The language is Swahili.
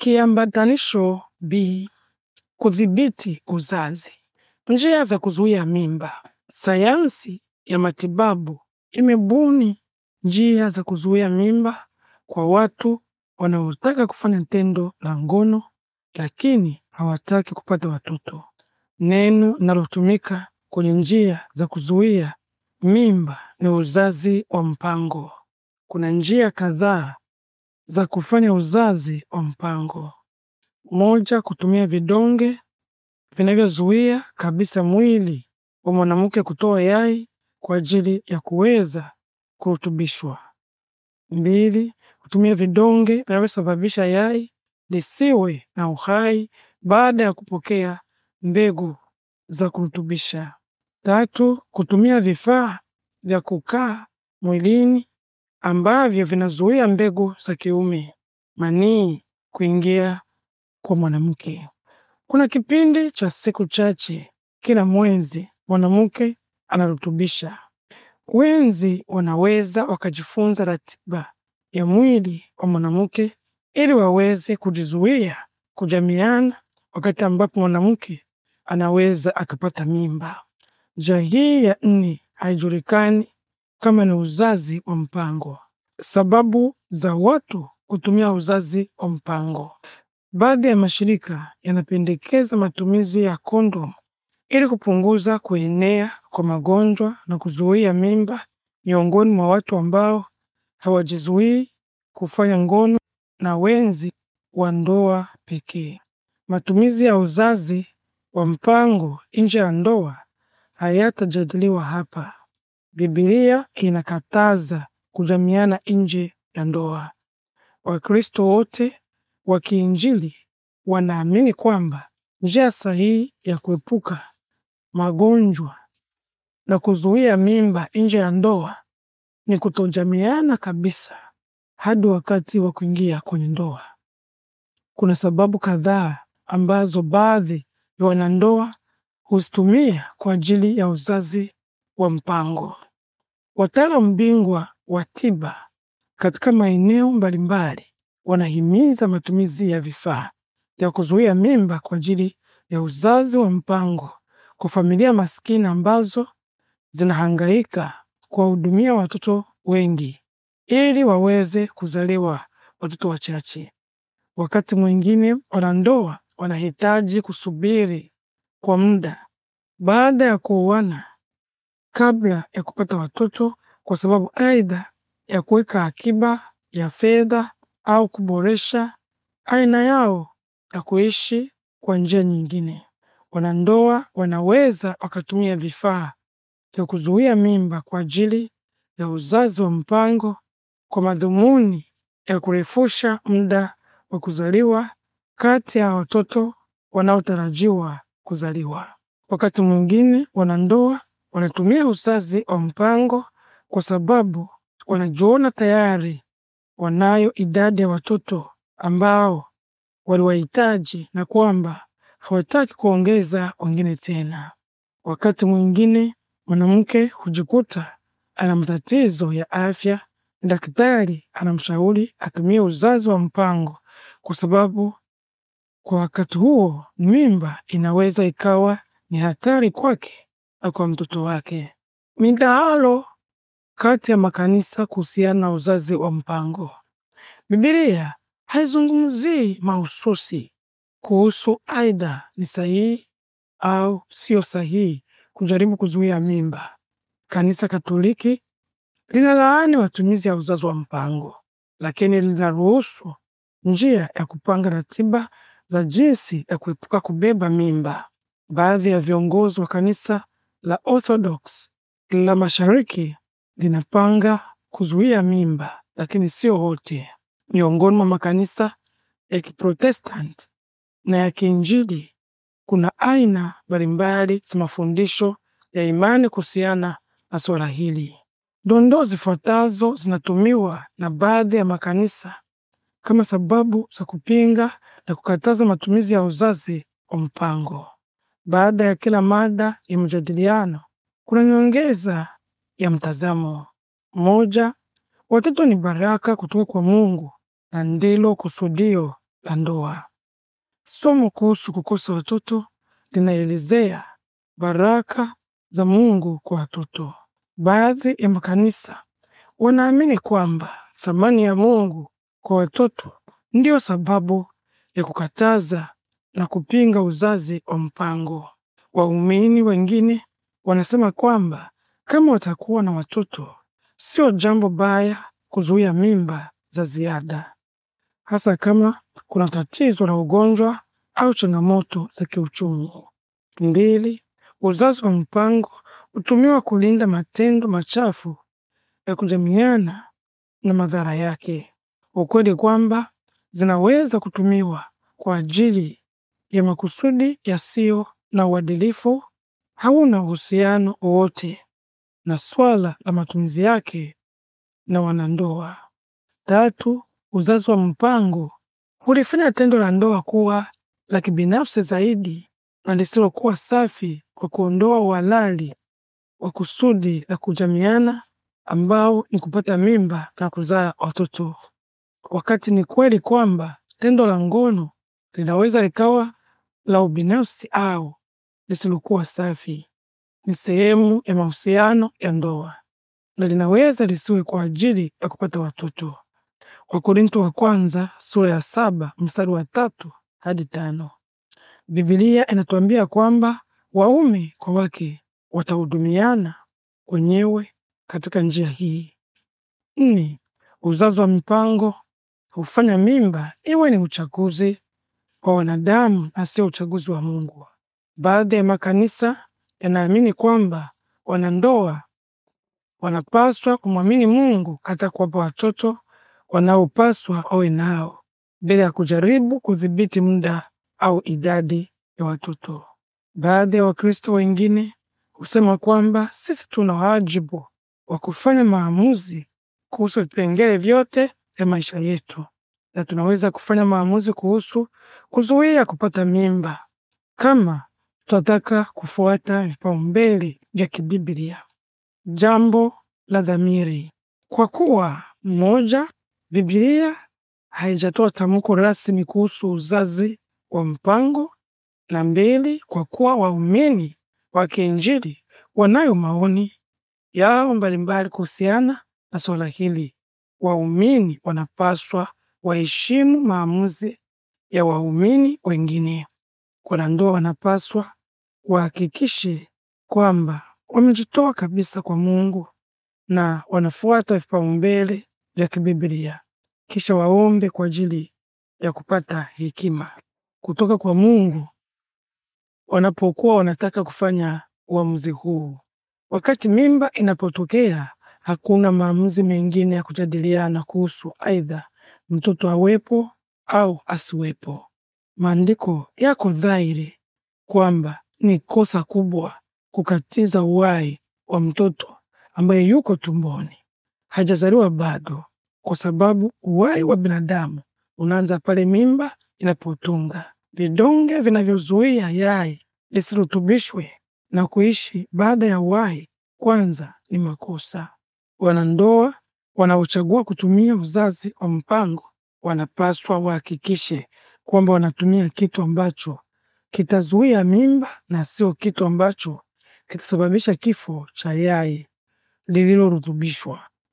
Kiambatanisho B. Kudhibiti uzazi. Njia za kuzuia mimba. Sayansi ya matibabu imebuni njia za kuzuia mimba kwa watu wanaotaka kufanya tendo la ngono lakini hawataki kupata watoto. Neno linalotumika kwenye njia za kuzuia mimba ni uzazi wa mpango. Kuna njia kadhaa za kufanya uzazi wa mpango. Moja, kutumia vidonge vinavyozuia kabisa mwili wa mwanamke kutoa yai kwa ajili ya kuweza kurutubishwa. Mbili, kutumia vidonge vinavyosababisha yai lisiwe na uhai baada ya kupokea mbegu za kurutubisha. Tatu, kutumia vifaa vya kukaa mwilini ambavyo vinazuia mbegu za kiume manii kuingia kwa mwanamke. Kuna kipindi cha siku chache kila mwezi mwanamke anarutubisha. Wenzi wanaweza wakajifunza ratiba ya mwili wa mwanamke ili waweze kujizuia kujamiana wakati ambapo mwanamke anaweza akapata mimba. Njia hii ya nne haijulikani kama ni uzazi wa mpango, sababu za watu kutumia uzazi wa mpango. Baadhi ya mashirika yanapendekeza matumizi ya kondomu ili kupunguza kuenea kwa magonjwa na kuzuia mimba miongoni mwa watu ambao hawajizuii kufanya ngono na wenzi wa ndoa pekee. Matumizi ya uzazi wa mpango nje ya ndoa hayatajadiliwa hapa. Biblia inakataza kujamiana nje ya ndoa. Wakristo wote wa kiinjili wanaamini kwamba njia sahihi ya kuepuka magonjwa na kuzuia mimba nje ya ndoa ni kutojamiana kabisa hadi wakati wa kuingia kwenye ndoa. Kuna sababu kadhaa ambazo baadhi ya wanandoa huzitumia kwa ajili ya uzazi wa mpango. Wataalamu bingwa wa tiba katika maeneo mbalimbali wanahimiza matumizi ya vifaa vya kuzuia mimba kwa ajili ya uzazi wa mpango kwa familia maskini ambazo zinahangaika kuwahudumia watoto wengi ili waweze kuzaliwa watoto wachache. Wakati mwingine wanandoa wanahitaji kusubiri kwa muda baada ya kuoana kabla ya kupata watoto kwa sababu aidha ya kuweka akiba ya fedha au kuboresha aina yao ya kuishi kwa njia nyingine. Wanandoa wanaweza wakatumia vifaa vya kuzuia mimba kwa ajili ya uzazi wa mpango kwa madhumuni ya kurefusha muda wa kuzaliwa kati ya watoto wanaotarajiwa kuzaliwa. Wakati mwingine wanandoa wanatumia uzazi wa mpango kwa sababu wanajiona tayari wanayo idadi ya watoto ambao waliwahitaji na kwamba hawataki kuongeza wengine tena. Wakati mwingine mwanamke hujikuta ana matatizo ya afya, daktari anamshauri atumie uzazi wa mpango kwa sababu kwa wakati huo mimba inaweza ikawa ni hatari kwake kwa mtoto wake. Midahalo kati ya makanisa kuhusiana na uzazi wa mpango. Biblia haizungumzii mahususi kuhusu aidha ni sahihi au sio sahihi kujaribu kuzuia mimba. Kanisa Katoliki linalaani matumizi ya uzazi wa mpango, lakini linaruhusu njia ya kupanga ratiba za jinsi ya kuepuka kubeba mimba. Baadhi ya viongozi wa kanisa la Orthodox la Mashariki linapanga kuzuia mimba, lakini sio wote. Miongoni mwa makanisa ya Kiprotestanti na ya Kiinjili kuna aina mbalimbali za mafundisho ya imani kuhusiana na suala hili. Dondoo zifuatazo zinatumiwa na baadhi ya makanisa kama sababu za kupinga na kukataza matumizi ya uzazi wa mpango baada ya kila mada ya majadiliano kuna nyongeza ya mtazamo. Moja, watoto ni baraka kutoka kwa Mungu na ndilo kusudio la ndoa. Somo kuhusu kukosa watoto linaelezea baraka za Mungu kwa watoto. Baadhi ya makanisa wanaamini kwamba thamani ya Mungu kwa watoto ndiyo sababu ya kukataza na kupinga uzazi wa mpango. Waumini wengine wanasema kwamba kama watakuwa na watoto, sio jambo baya kuzuia mimba za ziada, hasa kama kuna tatizo la ugonjwa au changamoto za kiuchumi. Mbili, uzazi wa mpango hutumiwa kulinda matendo machafu ya kujamiana na madhara yake. Ukweli kwamba zinaweza kutumiwa kwa ajili ya makusudi yasiyo na uadilifu hauna uhusiano wowote na swala la matumizi yake na wanandoa. Tatu, uzazi wa mpango hulifanya tendo la ndoa kuwa la kibinafsi zaidi na lisilokuwa safi kwa kuondoa uhalali wa kusudi la kujamiana ambao ni kupata mimba na kuzaa watoto. Wakati ni kweli kwamba tendo la ngono linaweza likawa la ubinafsi au lisilokuwa safi. Ni sehemu ya mahusiano ya ndoa na linaweza lisiwe kwa ajili ya kupata watoto. Wakorinto wa kwanza sura ya saba mstari wa tatu hadi tano. Biblia inatuambia kwamba waume kwa wake watahudumiana wenyewe katika njia hii. Nne, uzazi wa mipango hufanya mimba iwe ni uchaguzi kwa wanadamu na sio uchaguzi wa Mungu. Baadhi ya makanisa yanaamini kwamba wanandoa wanapaswa kumwamini Mungu hata kuwapa watoto wanaopaswa awe nao bila ya kujaribu kudhibiti muda au idadi ya watoto. Baadhi ya Wakristo wengine husema kwamba sisi tuna wajibu wa kufanya maamuzi kuhusu vipengele vyote vya maisha yetu na tunaweza kufanya maamuzi kuhusu kuzuia kupata mimba kama tunataka kufuata vipaumbele vya kibiblia. Jambo la dhamiri, kwa kuwa moja, Biblia haijatoa tamko rasmi kuhusu uzazi wa mpango, na mbili, kwa kuwa waumini wa kiinjili wanayo maoni yao mbalimbali kuhusiana na suala hili, waumini wanapaswa waheshimu maamuzi ya waumini wengine. ndoa wanapaswa wahakikishe kwamba wamejitoa kabisa kwa Mungu na wanafuata vipaumbele vya kibiblia, kisha waombe kwa ajili ya kupata hekima kutoka kwa Mungu wanapokuwa wanataka kufanya uamuzi huu. Wakati mimba inapotokea, hakuna maamuzi mengine ya kujadiliana kuhusu, aidha mtoto awepo au asiwepo. Maandiko yako dhahiri kwamba ni kosa kubwa kukatiza uhai wa mtoto ambaye yuko tumboni, hajazaliwa bado, kwa sababu uhai wa binadamu unaanza pale mimba inapotunga vidonge vinavyozuia yai lisirutubishwe na kuishi baada ya uhai kwanza ni makosa. Wanandoa wanaochagua kutumia uzazi wa mpango wanapaswa wahakikishe kwamba wanatumia kitu ambacho kitazuia mimba na sio kitu ambacho kitasababisha kifo cha yai lililorutubishwa.